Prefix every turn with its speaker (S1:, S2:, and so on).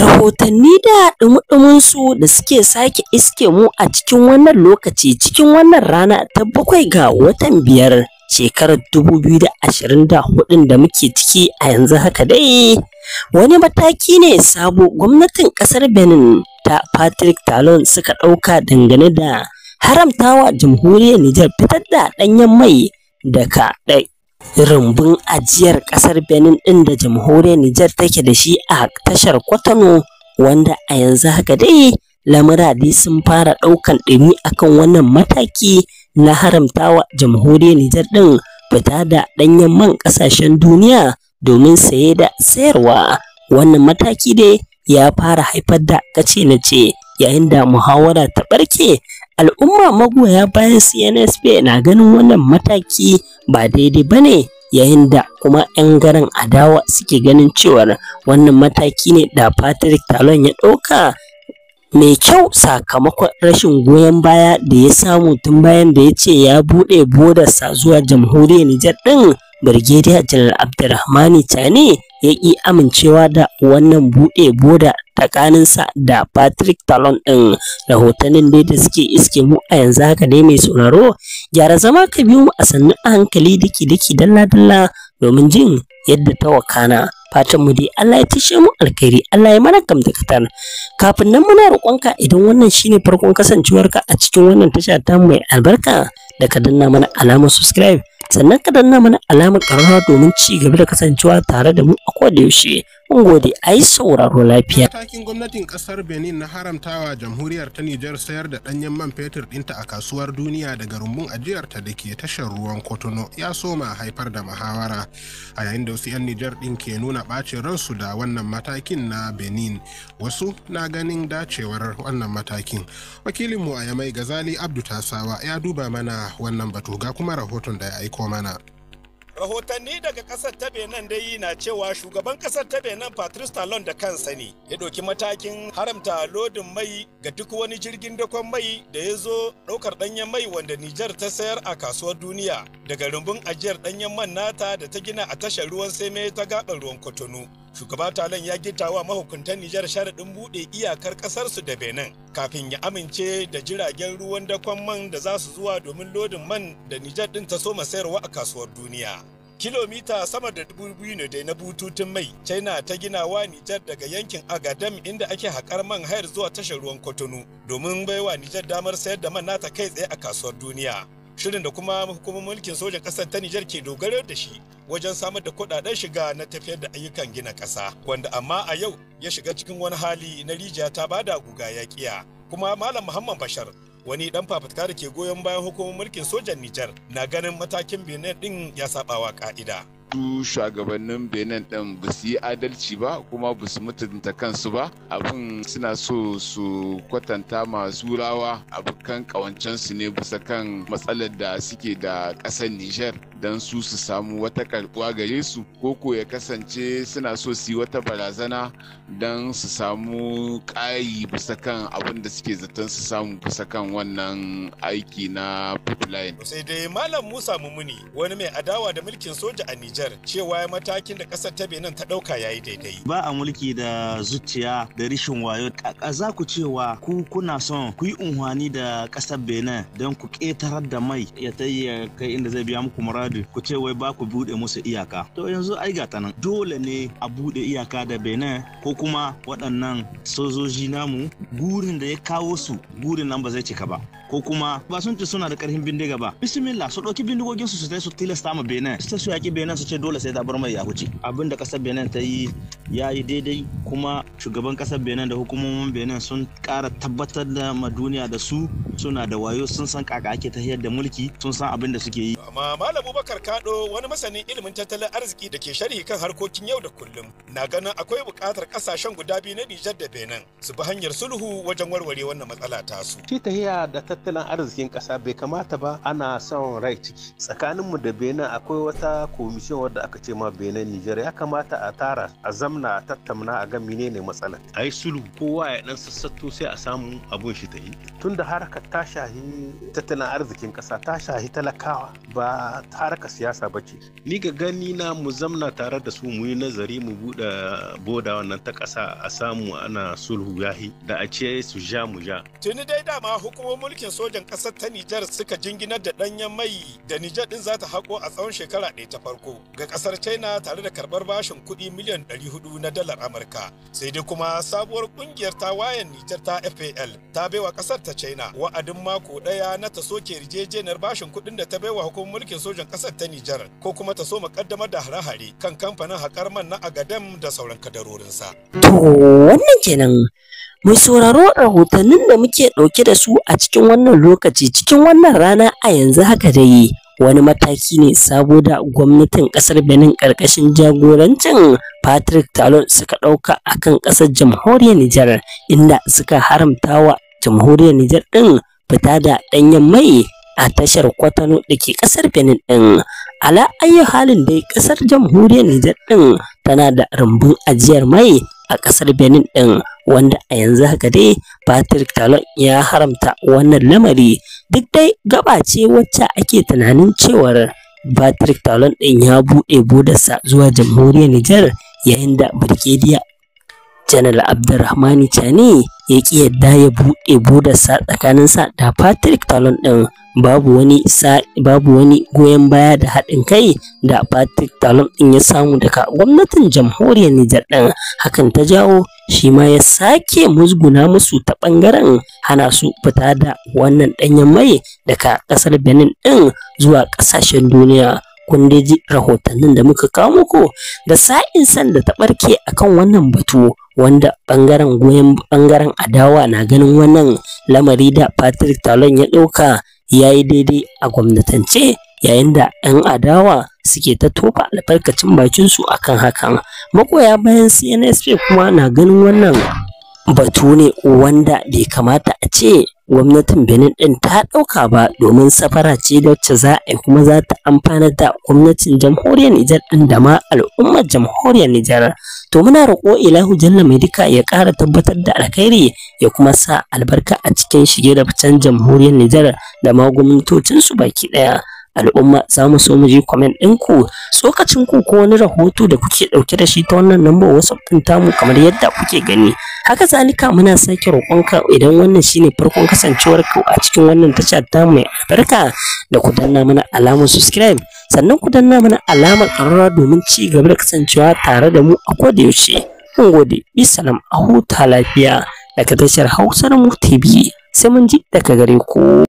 S1: rahotanni da ɗumuɗuminsu da suke sake iske mu a cikin wannan lokaci cikin wannan rana ta bakwai ga watan biyar shekarar 2024 da muke ciki a yanzu haka dai wani mataki ne sabo gwamnatin ƙasar benin ta patrick talon suka ɗauka dangane da haramtawa jamhuriyar nijar fitar da ɗanyen mai daga rumbun ajiyar ƙasar Benin ɗin da jamhuriyar Nijar take da shi a tashar Kwatano, wanda a yanzu haka dai lamuradi sun fara ɗaukan ɗumi akan wannan mataki na haramtawa jamhuriyar Nijar ɗin fita da ɗanyen man ƙasashen duniya domin saye da sayarwa. Wannan mataki dai ya fara haifar da kace na ce yayin da muhawara ta ɓarke Al'umma magoya bayan CNSP na ganin wannan mataki ba daidai ba ne yayin da kuma 'yan garin adawa suke ganin cewa wannan mataki ne da Patrick Talon ya ɗauka mai kyau sakamakon rashin goyon baya da ya samu tun bayan da ya ce ya buɗe bodarsa zuwa jamhuriyar Nijar ɗin Birgediya Janar Abdulrahmani Tani ya ƙi amincewa da wannan buɗe boda tsakaninsa da Patrick Talon ɗin rahotannin dai da suke iske mu a yanzu haka ne mai sauraro gyara zama ka biyo mu a sannu a hankali diki-diki dalla-dalla domin jin yadda ta wakana. fatan mu dai Allah ya tishe mu alkhairi Allah ya mana kamtakatar kafin nan muna roƙonka idan wannan shine farkon kasancewarka a cikin wannan tasha ta mai albarka da ka danna mana alamar subscribe sannan ka danna mana alamar karama domin ci gaba da kasancewa tare da mu a kodayaushe. Mun gode sauraro lafiya. Matakin
S2: gwamnatin kasar Benin na haramtawa jamhuriyar ta Nijar sayar da ɗanyen man fetur ɗinta a kasuwar duniya daga rumbun ajiyarta da ke tashar ruwan Kotono ya soma haifar da muhawara. A yayin da wasu 'yan Nijar ɗin ke nuna ɓacin ransu da wannan matakin na Benin. Wasu na ganin dacewar wannan matakin. Wakilinmu a Yamai Gazali Abdu Tasawa ya duba mana wannan batu ga kuma rahoton da ya aiko mana. rahotanni daga kasar ta benin dai na cewa shugaban kasar ta benin patrice talon da kansa ne ya ɗauki matakin haramta lodin mai ga duk wani jirgin dakon mai da ya zo ɗaukar ɗanyen mai wanda nijar ta sayar a kasuwar duniya daga rumbun ajiyar ɗanyen man nata da ta gina a tashar ruwan sai mai ta gaɓar ruwan kotonu shugaba talon ya gitawa mahukuntan nijar sharaɗin buɗe iyakar ƙasarsu da benin kafin ya amince da jiragen ruwan dakon man da za su zuwa domin lodin man da nijar ɗin ta soma sayarwa a kasuwar duniya kilomita sama da dubu biyu ne na bututun mai china ta gina wa nijar daga yankin agadam inda ake haƙar man hayar zuwa tashar ruwan kotonu domin baiwa nijar damar sayar da man nata kai tsaye a kasuwar duniya shirin da kuma hukumar mulkin sojan kasar ta Nijar ke dogaro da shi wajen samar da kuɗaɗen shiga na tafiyar da ayyukan gina ƙasa wanda amma a yau ya shiga cikin wani hali na rijiya ta bada guga ya kiya kuma malam Muhammad Bashar wani dan fafutuka da ke goyon bayan hukumar mulkin sojan Nijar na ganin matakin Benin din ya sabawa ka'ida. su shugabannin benin din ba su yi adalci ba kuma ba su mutunta kansu ba abin suna so su kwatanta masu rawa abokan kawancensu ne bisa kan matsalar da suke da ƙasar niger don su su samu wata karbuwa gare su koko ya kasance suna so su yi wata barazana don su samu ƙari bisa kan abin da suke zaton su samu bisa kan wannan aiki na pipeline. sai dai malam musa mumuni wani mai adawa da mulkin soja a nijar cewa ya matakin da ƙasar ta benin ta ɗauka ya yi daidai. ba a mulki da zuciya da rishin wayo za ku cewa ku kuna son ku yi unhwani da ƙasar benin don ku ƙetarar da mai ya ta kai inda zai biya muku muradu chadi ku ce wai ba ku buɗe musu iyaka to yanzu ai ga nan dole ne a buɗe iyaka da benin ko kuma waɗannan sojoji namu gurin da ya kawo su gurin nan ba zai cika ba ko kuma ba sun ce suna da karfin bindiga ba bismillah su ɗauki bindigogin su su su tilasta ma benin Su su yaki benin su ce dole sai ta bar mai ya huce abin da ƙasar benin ta yi ya yi daidai kuma shugaban ƙasar benin da hukumomin benin sun ƙara tabbatar da ma duniya da su suna da wayo sun san kaka ake tafiyar da mulki sun san abin da suke yi amma ba. abubakar kado wani masanin ilimin tattalin arziki da ke sharhi kan harkokin yau da kullum na ganin akwai bukatar kasashen guda biyu na nijar da benin su bi hanyar sulhu wajen warware wannan matsala tasu shi tahiya da tattalin arzikin kasa bai kamata ba ana son rai ciki tsakanin mu da benin akwai wata komishin wadda aka ce ma benin nijar ya kamata a tara a zamna a tattauna a ga menene matsala. a sulhu kowa ya dan sassato sai a samu abun shi ta yi tunda harkar ta shahi tattalin arzikin kasa ta shahi talakawa ba harkar siyasa ba ce ni ga gani na mu zamna tare da su muyi nazari mu buɗe boda wannan ta kasa a samu ana sulhu yahi da a ce su ja mu ja tuni dai dama hukumar mulkin sojan ƙasar ta Nijar suka jinginar da ɗanyen mai da Nijar din za ta hako a tsawon shekara ɗaya ta farko ga kasar China tare da karɓar bashin kuɗi miliyan 400 na dalar Amurka sai dai kuma sabuwar ƙungiyar wayan Nijar ta FAL ta baiwa ƙasar ta China wa'adin mako ɗaya na ta soke yarjejeniyar bashin kuɗin da ta baiwa hukumar mulkin sojan ƙasar kasar ta Nijar ko
S1: kuma ta so kaddamar da hare kan kamfanin haƙar man na Agadem da sauran kadarorinsa. To wannan kenan mu sauraro rahotannin da muke ɗauke da su a cikin wannan lokaci cikin wannan rana a yanzu haka dai. wani mataki ne saboda gwamnatin ƙasar Benin karkashin jagorancin Patrick Talon suka dauka akan ƙasar jamhuriyar Nijar inda suka haramta wa jamhuriyar Nijar ɗin fita da ɗanyen mai a tashar Kwatano da ke ƙasar Benin ɗin. Ala ayyu halin dai ƙasar jamhuriyar Nijar ɗin tana da rumbun ajiyar mai a ƙasar Benin ɗin wanda a yanzu haka dai Patrick Talon ya haramta wannan lamari duk dai gaba ce wacce ake tunanin cewar Patrick Talon din ya buɗe budarsa zuwa jamhuriyar Nijar yayin da Birgediya janar abdulrahmani chani ya ki yadda ya buɗe budarsa tsakaninsa da patrick talon ɗin babu wani babu wani goyon baya da haɗin kai da patrick talon ɗin ya samu daga gwamnatin jamhuriyar nijar ɗin hakan ta jawo shi ma ya sake musguna musu ta ɓangaren hana su fita da wannan ɗanyen mai daga ƙasar benin ɗin zuwa ƙasashen duniya kun ji rahotannin da muka kawo muku da sa'in san da ta ɓarke akan wannan batu wanda bangaren goyon ɓangaren adawa na ganin wannan lamari da Patrick Talon ya ɗauka ya yi daidai a gwamnatance yayin da 'yan adawa suke ta tofa albarkacin su akan hakan magoya bayan cnsp kuma na ganin wannan batu ne wanda bai kamata a ce gwamnatin Benin ɗin ta ɗauka ba domin safara ce wacce za a yi kuma za ta amfana da gwamnatin jamhuriyar Nijar din da ma al'ummar jamhuriyar Nijar. To muna roƙo Ilahu Jalla mai duka ya ƙara tabbatar da alkhairi ya kuma sa albarka a cikin shige da fitan jamhuriyar Nijar da ma gwamnatocinsu baki ɗaya. al'umma za mu so mu ji comment ɗinku tsokacin ku ko wani rahoto da kuke ɗauke da shi ta wannan number whatsapp ɗin tamu kamar yadda kuke gani haka zalika muna sake roƙonka idan wannan shine farkon kasancewar ku a cikin wannan tasha ta mai albarka da ku danna mana alamar subscribe sannan ku danna mana alamar ƙararra domin ci gaba da kasancewa tare da mu a kodayaushe mun gode bisalam a huta lafiya daga tashar hausar mu tv sai mun ji daga gare ku